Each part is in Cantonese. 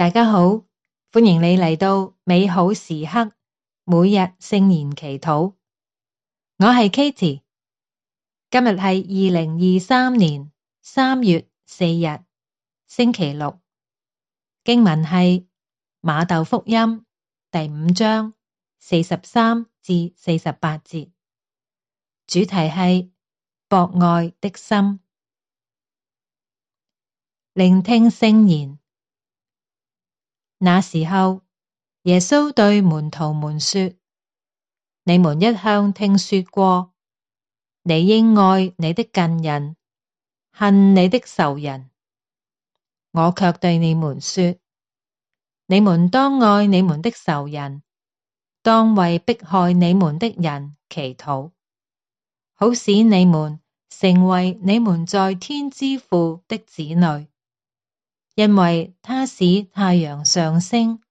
大家好，歡迎你嚟到美好時刻每日聖言祈禱。我係 Katie，今日係二零二三年三月四日星期六。經文係馬竇福音第五章四十三至四十八節，主題係博愛的心。聆聽聖言。那時候，耶穌對門徒們說：你們一向聽說過，你應愛你的近人，恨你的仇人。我卻對你們說：你們當愛你們的仇人，當為迫害你們的人祈禱，好使你們成為你們在天之父的子女。因為衪使太陽上升，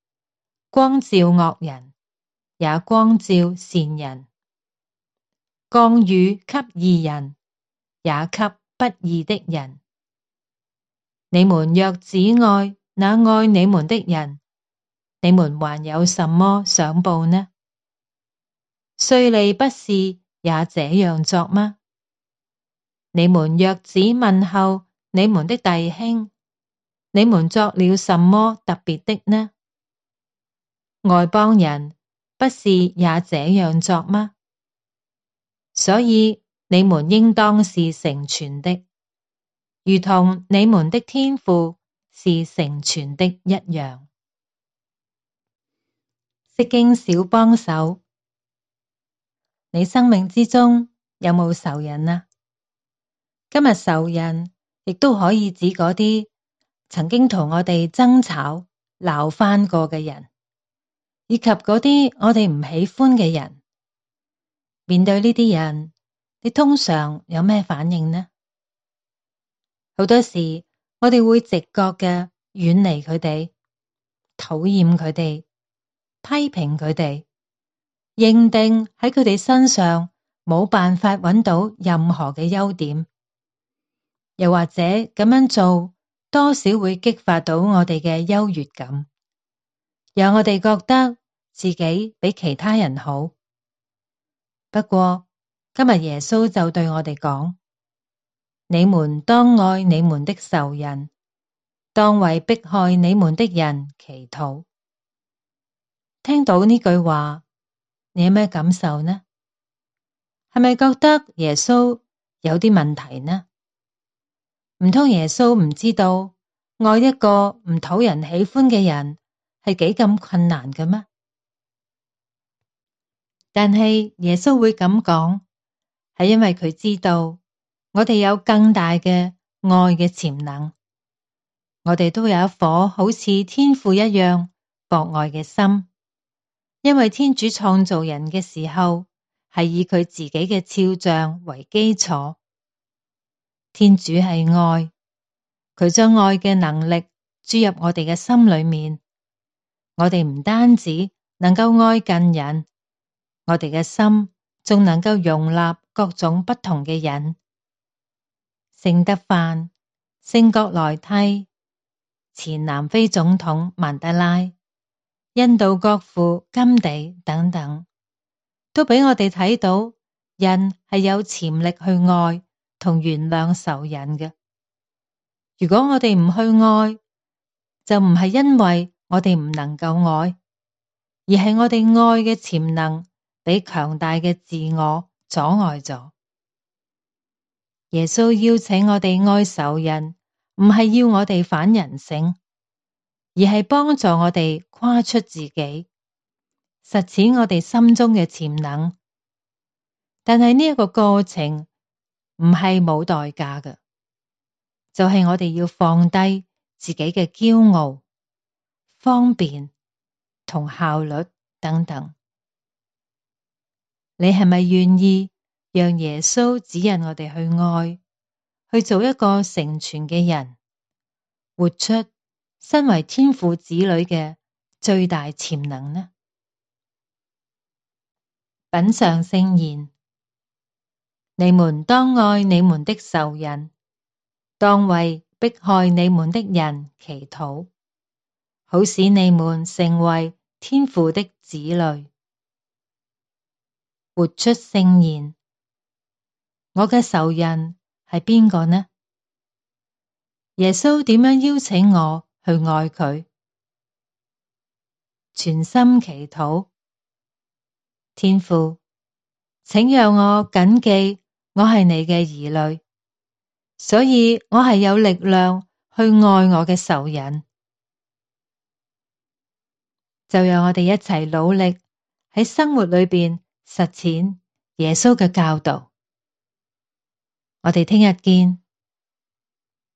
光照惡人，也光照善人；降雨給義人，也給不義的人。你們若只愛那愛你們的人，你們還有什麼賞報呢？稅吏不是也這樣作嗎？你們若只問候你們的弟兄，你們作了什麼特別的呢？外邦人不是也這樣作嗎？所以你們應當是成全的，如同你們的天父是成全的一樣。釋經小幫手，你生命之中有冇仇人啊？今日仇人亦都可以指嗰啲。曾經同我哋爭吵鬧翻過嘅人，以及嗰啲我哋唔喜歡嘅人，面對呢啲人，你通常有咩反應呢？好多時我哋會直覺嘅遠離佢哋，討厭佢哋，批評佢哋，認定喺佢哋身上冇辦法揾到任何嘅優點，又或者咁樣做。多少會激發到我哋嘅優越感，讓我哋覺得自己比其他人好。不過今日耶穌就對我哋講：你們當愛你們的仇人，當為迫害你們的人祈禱。聽到呢句話，你有咩感受呢？係咪覺得耶穌有啲問題呢？唔通耶穌唔知道愛一個唔討人喜歡嘅人係幾咁困難嘅咩？但係耶穌會咁講，係因為佢知道我哋有更大嘅愛嘅潛能，我哋都有一顆好似天父一樣博愛嘅心，因為天主創造人嘅時候，係以佢自己嘅肖像為基礎。天主係愛，佢將愛嘅能力注入我哋嘅心裏面，我哋唔單止能夠愛近人，我哋嘅心仲能夠容納各種不同嘅人。聖德範、聖葛萊蒂、前南非總統曼德拉、印度國父甘地等等，都俾我哋睇到，人係有潛力去愛，同原諒仇人嘅。如果我哋唔去愛，就唔係因為我哋唔能夠愛，而係我哋愛嘅潛能俾強大嘅自我阻礙咗。耶穌邀請我哋愛仇人，唔係要我哋反人性，而係幫助我哋跨出自己，實現我哋心中嘅潛能。但係呢一個過程。唔係冇代價嘅，就係我哋要放低自己嘅驕傲、方便同效率等等。你係咪願意讓耶穌指引我哋去愛，去做一個成全嘅人，活出身為天父子女嘅最大潛能呢？品嚐聖言。你們當愛你們的仇人，當為迫害你們的人祈禱，好使你們成為天父的子女。活出聖言。我嘅仇人係邊個呢？耶穌點樣邀請我去愛佢？全心祈禱，天父，請讓我謹記。我係你嘅兒女，所以我係有力量去愛我嘅仇人。就讓我哋一齊努力喺生活裏面實踐耶穌嘅教導。我哋聽日見。